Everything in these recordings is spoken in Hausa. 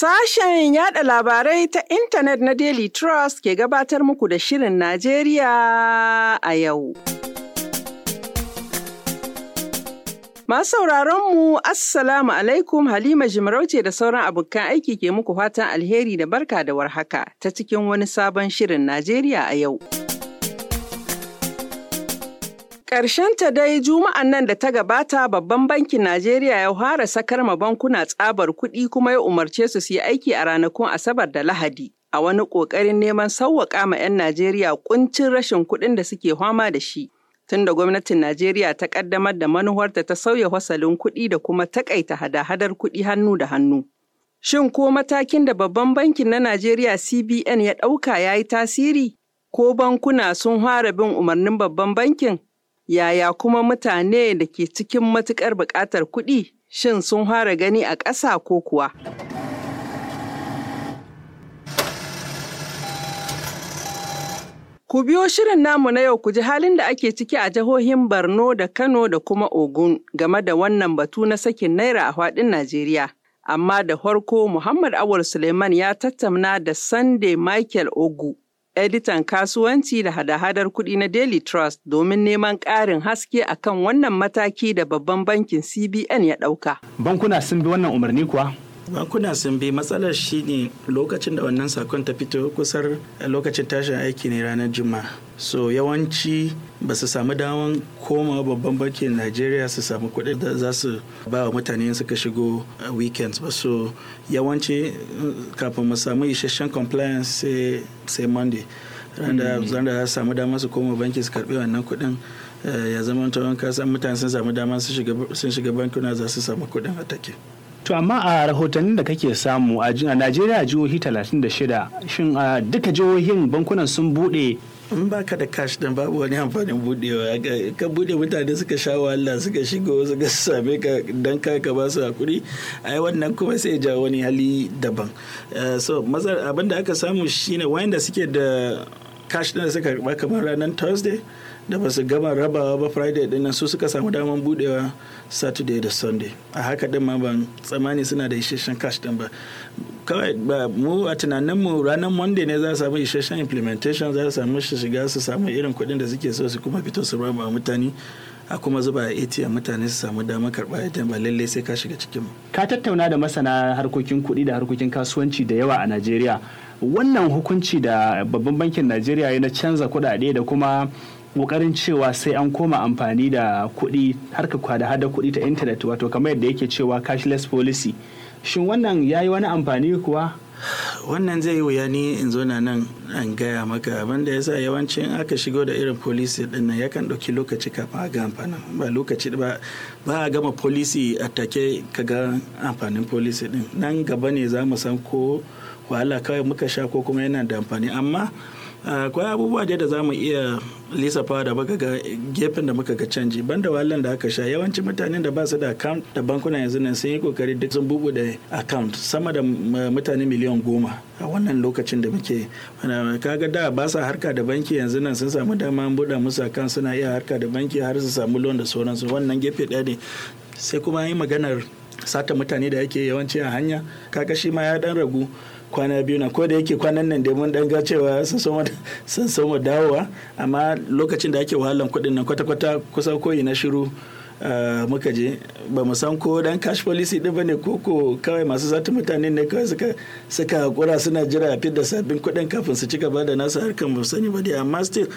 Sashen yada labarai ta intanet na Daily Trust ke gabatar muku da Shirin Najeriya a yau. Masu sauraron mu Assalamu alaikum Halima Jimarauce da sauran abokan aiki ke muku fatan alheri da barka da warhaka ta cikin wani sabon Shirin Najeriya a yau. ta dai juma'an nan da ta gabata babban bankin Najeriya ya fara sakar ma bankuna tsabar kuɗi kuma ya umarce su su yi aiki a ranakun Asabar da Lahadi a wani ƙoƙarin neman sauwaƙa ma 'yan Najeriya kuncin rashin kuɗin da suke fama da shi. Tun da gwamnatin Najeriya ta ƙaddamar da manuwarta ta sauya fasalin kuɗi da kuma taƙaita hada-hadar kuɗi hannu da hannu. Shin ko matakin da babban bankin na Najeriya CBN ya ɗauka ya yi tasiri? Ko bankuna sun fara bin umarnin babban bankin? Yaya kuma mutane da ke cikin matuƙar buƙatar kuɗi, shin sun fara gani a ƙasa ko kuwa? Ku biyo shirin namu na yau ku ji halin da ake ciki a jihohin Borno da Kano da kuma Ogun game da wannan batu na sakin Naira a faɗin Najeriya. Amma da farko Muhammad Awul Suleiman ya tattauna da Sunday Michael Ogu. editan kasuwanci da hada-hadar kuɗi na Daily Trust domin neman ƙarin haske akan wannan mataki da babban bankin CBN ya ɗauka. Bankuna sun bi wannan umarni kuwa? bankuna sun bi matsalar shi ne lokacin da wannan sakon ta fito kusar lokacin tashin aiki ne ranar juma'a so yawanci ba su samu damar koma babban bankin najeriya su samu kuɗi da za su ba wa mutane suka shigo eh, weekend ba so yawanci eh, kafin mu samu isasshen compliance sai monday randa hmm. za samu damar su koma banki su karbi wannan kuɗin eh, ya zama ta wanka mutane sun samu damar sun shiga bankuna za su samu kuɗin a take to amma a rahotannin da kake samu a najeriya jihohi 36 shin a duka jihohin bankunan sun bude in ba ka da cash din babu wani amfanin budewa ka bude mutane suka sha wahala suka shigo suka same ka dan ka ka ba su hakuri ai wannan kuma sai ja wani hali daban eh, so mazar abin aka samu shine wayanda suke da cash din suka karba kamar ranar thursday da ba su gama rabawa ba friday din nan su suka samu daman budewa saturday da sunday a haka din ma ban tsammani suna da isheshen cash din ba kawai ba mu a tunanin mu ranar monday ne za su samu isheshen implementation za su samu shiga su samu irin kuɗin da suke so su kuma fito su raba mutane a kuma zuba a atm mutane su samu damar karɓa idan ba lallai sai ka shiga cikin ka tattauna da masana harkokin kuɗi da harkokin kasuwanci da yawa a najeriya wannan hukunci da babban bankin najeriya ya na canza kuɗaɗe da kuma kokarin cewa sai an koma amfani da kuɗi harka kwada hada kuɗi ta intanet wato kamar yadda yake cewa cashless policy shin wannan ya yi wani amfani kuwa wannan zai yi wuya ni in zo na nan an gaya maka abin da yasa yawancin aka shigo da irin polisi din nan yakan ɗauki lokaci kafin a ga amfanin ba lokaci ba ba a gama polisi a take ka ga amfanin polisi din nan gaba ne za mu san ko wahala kawai muka sha ko kuma yana da amfani amma akwai abubuwa da da za mu iya lissafa da muka ga gefen da muka ga canji banda wahalar da aka sha yawancin mutanen da ba su da account da bankuna yanzu nan sun yi kokari duk sun bugu da account sama da eh, mutane miliyan goma a wannan lokacin da muke kaga da ba sa harka da banki yanzu nan sun samu dama an buɗe musu account suna iya harka da banki har su samu loan da sauransu wannan gefe ɗaya ne sai kuma yi maganar sata mutane da yake yawanci a hanya kaga shi ma ya dan ragu kwana biyu na kodayake da yake kwanan nan da mun dan ga cewa sun soma dawowa amma lokacin da ake wahalan kuɗin nan kwata-kwata kusa koyi na shiru ah, muka je ba mu san ko dan cash policy din bane ko ko kawai masu zata mutane ne kawai suka suka hakura suna jira a fidda sabbin kuɗin kafin su cika gaba da nasu harkar ba sani ba dai amma still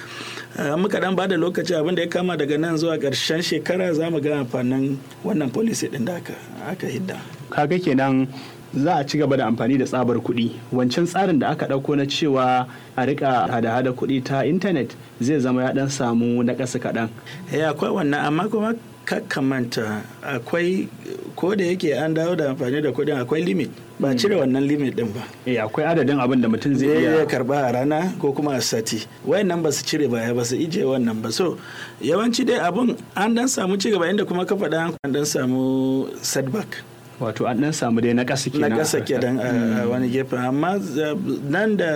ah, muka dan bada lokaci abin da ya kama daga nan zuwa ƙarshen shekara za mu ga amfanin wannan policy din da aka aka hidda kaga kenan za a ci gaba da amfani da tsabar kuɗi wancan tsarin da aka ɗauko na cewa a rika hada-hada kuɗi ta intanet zai zama ya ɗan samu na ƙasa kaɗan. Eh, akwai wannan amma kuma kakamanta akwai ko da yake an dawo da amfani da kuɗin akwai limit ba cire wannan limit din ba eh akwai adadin abin da mutum zai iya karba a rana ko kuma a sati wayannan ba su cire baya ba su ije wannan ba so yawanci dai abun an dan samu cigaba inda kuma ka faɗa an dan samu setback wato an dan samu dai na ƙasa kenan na ƙasa kenan a hmm. wani gefe. amma eh, nan da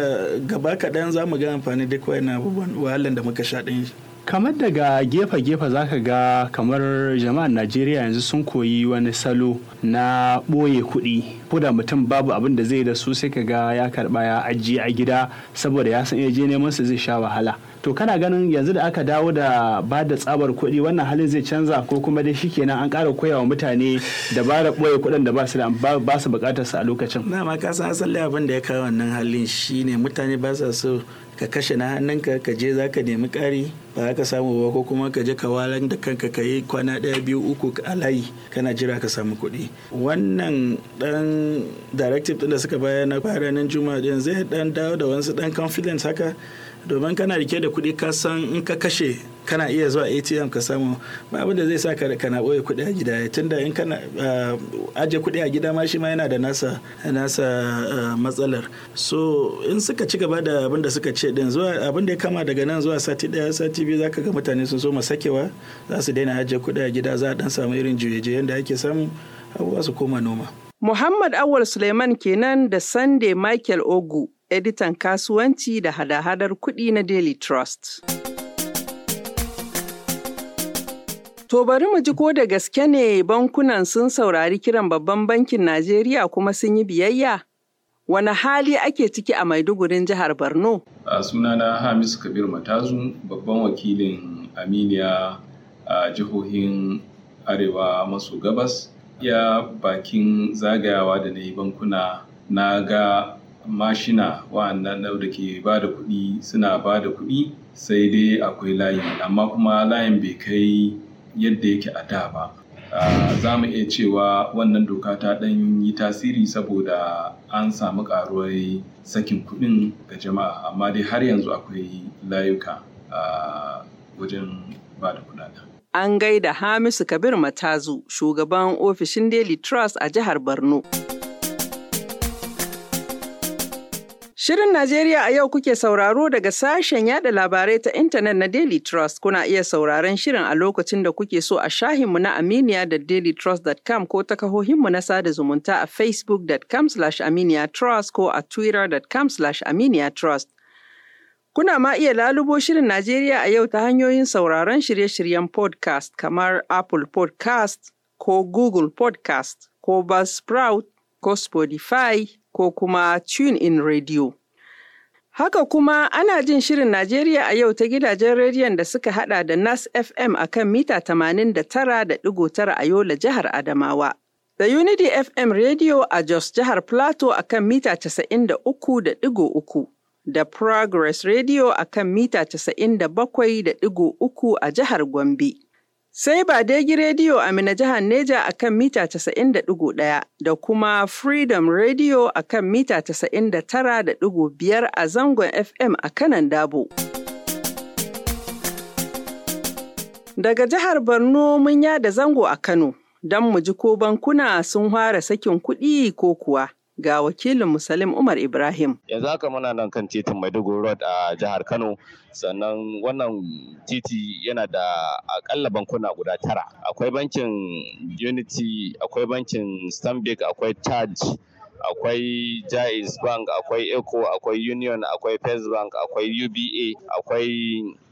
gaba kaɗan za mu ga amfani duk wayannan abubuwan wahalan da muka sha ɗin kamar daga gefe-gefe za ka ga kamar jama'ar najeriya yanzu sun koyi wani salo na ɓoye kuɗi ko da mutum babu abin da zai da su sai ka ga ya karɓa ya ajiye a gida saboda ya san je neman su zai sha wahala to kana ganin yanzu da aka dawo da ba da tsabar kuɗi wannan halin zai canza ko kuma dai shikenan an ƙara koya wa mutane da ɓoye kuɗin da ba su ba su a lokacin na ma ka asali abin da ya kawo wannan halin shine mutane ba sa so ka kashe na hannunka ka je za ka nemi ƙari ba ka samu ba ko kuma ka je ka walan da kanka ka yi kwana ɗaya biyu uku a layi kana jira ka samu kuɗi wannan ɗan directive ɗin da suka bayar na nan juma'a ɗin zai ɗan dawo da wasu ɗan confidence haka domin kana rike da kuɗi ka san in ka kashe kana iya zuwa atm ka samu ma abin da zai sa ka kana boye kuɗi a gida tunda in kana eh, aje kuɗi a gida ma shi ma yana da nasa nasa eh, matsalar so in suka ci gaba da abin da suka ce din zuwa abin da ya kama daga nan zuwa sati daya sati biyu zaka ga mutane sun so sakewa za su daina aje kuɗi a gida za a dan samu irin juyeje yanda ake samu abubuwa su koma noma Muhammad Awal Suleiman kenan da Sunday Michael Ogu, editan kasuwanci da hada-hadar kuɗi na Daily Trust. To bari mu ji ko da gaske ne bankunan sun saurari kiran babban bankin Najeriya kuma sun yi biyayya? Wani hali ake ciki a Maidugurin jihar Borno? A sunana Hamisu Kabir Matazu, babban wakilin Aminiya a jihohin Arewa maso gabas. Ya bakin zagayawa da na yi bankuna na ga mashina wa'annan da ke ba da kuɗi suna ba da kuɗi sai dai akwai layi amma kuma layin bai kai yadda yake a da ba za mu iya cewa wannan doka ta ɗan yi tasiri saboda an samu ƙaruwar sakin kuɗin ga jama'a amma dai har yanzu akwai layuka wajen ba da kuɗaɗen. An gaida Hamisu Kabir Matazu, shugaban ofishin Daily Trust a jihar Borno. Shirin Najeriya a yau kuke sauraro daga sashen yada labarai ta intanet na Daily Trust. Kuna iya sauraron shirin a lokacin da kuke so a shahinmu na Aminiya da dailytrust.com ko ta kahohinmu na sada zumunta a facebook.com slash trust ko a twitter.com slash trust Kuna ma iya lalubo shirin Najeriya a yau ta hanyoyin sauraron shirye-shiryen podcast kamar Apple podcast ko Google podcast ko Buzzsprout ko Spotify ko kuma tune in radio. Haka kuma ana jin shirin Najeriya a yau ta gidajen rediyon da suka hada da Nas FM a kan mita 89.9 a Yola jihar Adamawa. Da Unity FM Radio a Jos jihar Plateau a kan mita 93.3. Da Progress Radio a kan mita 97.3 a jihar Gombe. Sai ba Badegi rediyo a Mina jihar Neja a kan mita 90.1 da kuma Freedom Radio a kan mita 99.5 a zangon FM a kanan Dabo. Daga jihar Borno mun yada zango a Kano, don mu ji ko bankuna sun hwara sakin kuɗi ko kuwa. ga wakilin Musalim Umar Ibrahim. Yanzu haka mana nan kan titin Maiduguri Road a jihar Kano, sannan wannan titi yana da akalla bankuna guda tara. Akwai bankin Unity, akwai bankin Stanbic, akwai Charge, akwai jais bank akwai eco akwai union akwai first bank akwai uba akwai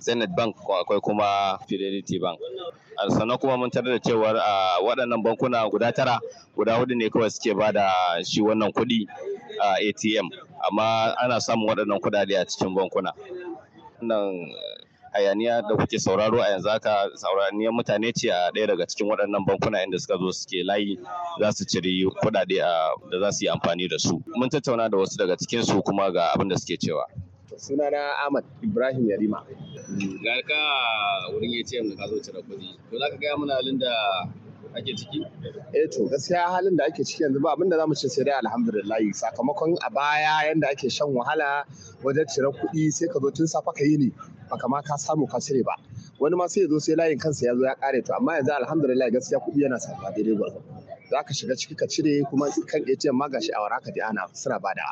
zenith bank akwai kuma fidelity bank ah, sannan kuma mun tarar da cewa a ah, waɗannan bankuna guda tara guda hudu ne kawai suke ba da shi wannan kuɗi a atm amma ana samun waɗannan kuɗaɗe a cikin bankuna hayaniya da kuke sauraro a yanzu haka sauraniyar mutane ce a ɗaya daga cikin waɗannan bankuna inda suka zo suke layi za su ciri kuɗaɗe da za su yi amfani da su mun tattauna da wasu daga cikin su kuma ga abin da suke cewa sunana Ahmad Ibrahim Yarima. Ga ka wurin ATM da ka zo cire kuɗi. To za ka gaya mana halin da ake ciki? Eh to gaskiya halin da ake ciki yanzu ba abin za zamu ce sai dai alhamdulillah sakamakon a baya yanda ake shan wahala wajen cire kuɗi sai ka zo tun safa ka yi ne baka ma ka samu ka cire ba wani ma sai ya zo sai layin kansa ya zo ya kare to amma yanzu alhamdulillah gaskiya kuɗi yana sarfa daidai gwargwado za ka shiga ciki ka cire kuma kan ATM ma gashi a waraka dai ana suna bada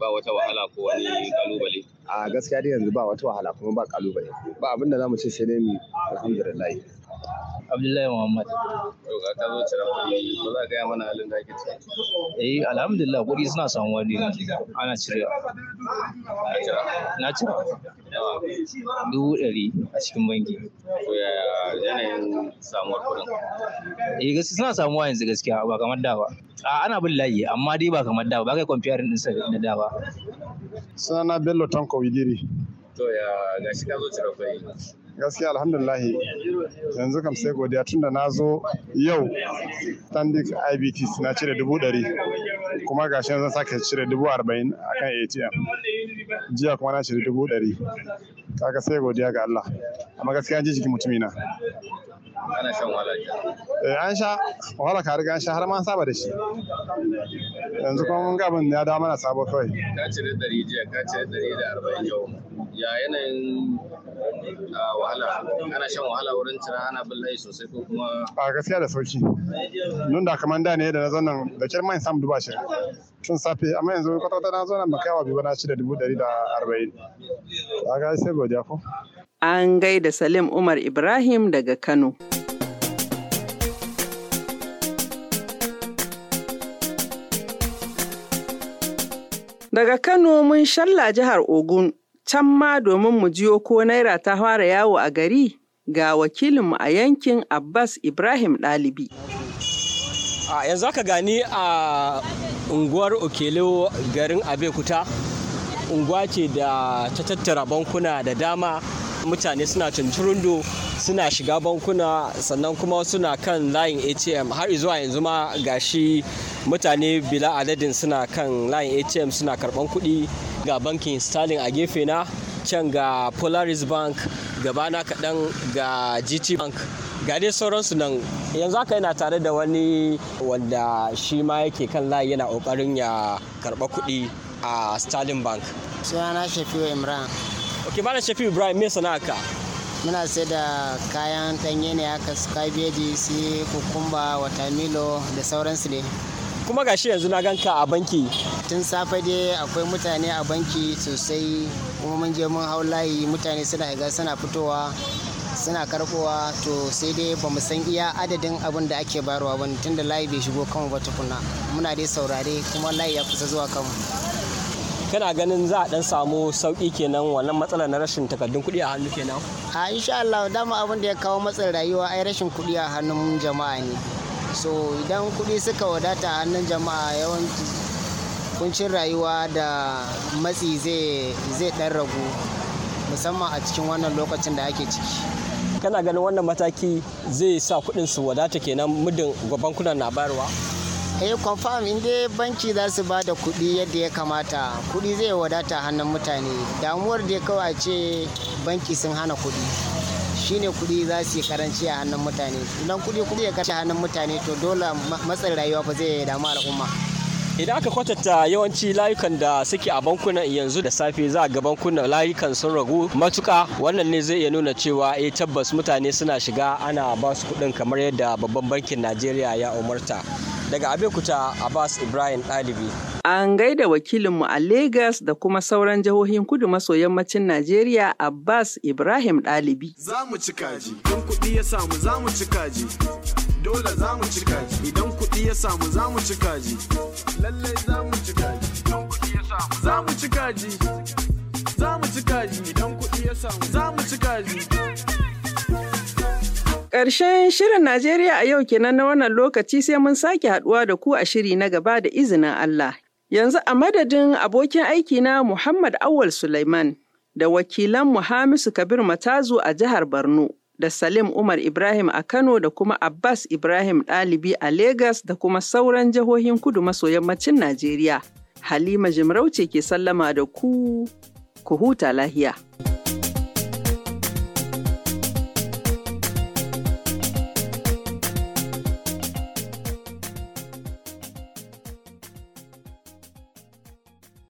ba wata wahala ko wani kalubale a gaskiya dai yanzu ba wata wahala kuma ba kalubale ba abinda zamu ce sai dai alhamdulillah Abdullahi Muhammad. Yauwa ka zo cira kuɗi ba za ka gaya mana halin da ake ciki. Eh alhamdulillah kuɗi suna samuwa ne ana cire Na cira. Dubu ɗari a cikin banki. ko yaya yanayin samuwar kuɗin? Eh gaskiya suna samuwa yanzu gaskiya ba kamar da ba. A ana bin layi amma dai ba kamar da ba ba kai kwamfiyarin ɗinsa da da ba. Sana Bello Tanko Idiri. to ya gashi ka zo cire gaskiya alhamdulillah yanzu kam sai godiya tunda na zo yau standing ibts na cire dubu ɗari kuma gashi yanzu sake cire dubu arba'in akan atm jiya kuma na cire dubu ɗari kaga sai godiya ga Allah amma gaskiya ji jikin mutumina ana shan wahala eh an sha wahala ka riga an sha har ma saba da shi yanzu kuma mun ga abin ya dawo mana sabo kawai ka cire ɗari jiya ka cire ɗari da arba'in yau ya yanayin wahala ana shan wahala wurin cira ana bin layi sosai ko kuma a gaskiya da sauki nun da kamar da ne da na zonan da kyar mai samu duba shi tun safe amma yanzu kwata-kwata na zonan maka yawa biyu na shida dubu dari da arba'in a ga sai godiya ko an gaida salim umar ibrahim daga kano Daga Kano mun shalla jihar Ogun can ma domin mu jiyo ko naira ta fara yawo a gari ga wakilinmu a yankin Abbas Ibrahim Ɗalibi. A yanzu aka gani a unguwar Okelewo garin Abekuta unguwa ce da ta tattara bankuna da dama mutane suna tunturundu suna shiga bankuna sannan kuma suna kan layin atm har zuwa yanzu ma gashi mutane bila adadin suna kan layin atm suna karban kuɗi ga bankin sterling a gefe na can ga polaris bank gabana kaɗan ga gt bank ga dai sauransu nan yanzu haka yana tare da wani wanda shi ma yake kan layi yana ƙoƙarin ya karɓa kuɗi a sterling bank sunana shafiwa imran ok mana shafi ibrahim me ka. muna sai da kayan ɗanye ne aka su kabeji su kukumba watamilo da sauransu ne kuma ga shi yanzu na ganka a banki tun safe dai akwai mutane a banki sosai kuma mun je mun hau layi mutane suna iga suna fitowa suna karbowa to sai dai ba mu san iya adadin abin da ake barwa ba tun da layi bai shigo kama ba tukuna muna dai saurare kuma layi ya kusa zuwa kanmu kana ganin za a dan samu sauki kenan wannan matsala na rashin takardun kuɗi a hannu kenan ha insha Allah dama abin da ya kawo matsin rayuwa ai rashin kuɗi a hannun jama'a ne so idan kuɗi suka wadata a hannun jama'a yawanci kuncin rayuwa da matsi zai zai dan ragu musamman a cikin wannan lokacin da ake ciki kana ganin wannan mataki zai sa kuɗin su wadata kenan muddin bankuna na bayarwa eh confirm in dai banki za su ba da kuɗi yadda ya kamata kuɗi zai wadata hannun mutane damuwar da kawa ce banki sun hana kuɗi shine kuɗi za su yi karanci a hannun mutane idan kuɗi kuɗi ya karanci hannun mutane to dole matsin rayuwa ba zai damu al'umma idan aka kwatanta yawanci layukan da suke a bankunan yanzu da safe za a ga bankunan layukan sun ragu matuka wannan ne zai iya nuna cewa e tabbas mutane suna shiga ana ba su kuɗin kamar yadda babban bankin najeriya ya umarta daga Abeokuta, Abbas Ibrahim dalibi. An gaida wakilinmu a Legas da kuma sauran jihohin kudu maso yammacin Najeriya Abbas Ibrahim dalibi. Za mu ci kaji, don kuɗi ya samu za mu ci kaji. Dole za mu ci kaji, idan kuɗi ya samu za mu ci kaji. Lallai za mu ci kaji, idan kuɗi ya samu za mu ci kaji. Za mu ci kaji, idan kuɗi ya samu za mu ci kaji. Karshen shirin Najeriya a yau kenan na wannan lokaci sai mun sake haɗuwa da ku a shiri na gaba da izinin Allah. Yanzu a madadin abokin aikina Muhammad Awal Suleiman da wakilan Hamisu Kabir Matazu a jihar Borno da Salim Umar Ibrahim a Kano da kuma Abbas Ibrahim Ɗalibi a Legas da kuma sauran jihohin kudu maso yammacin Najeriya. Halima Jimarauce ke sallama da ku, ku huta lahiya.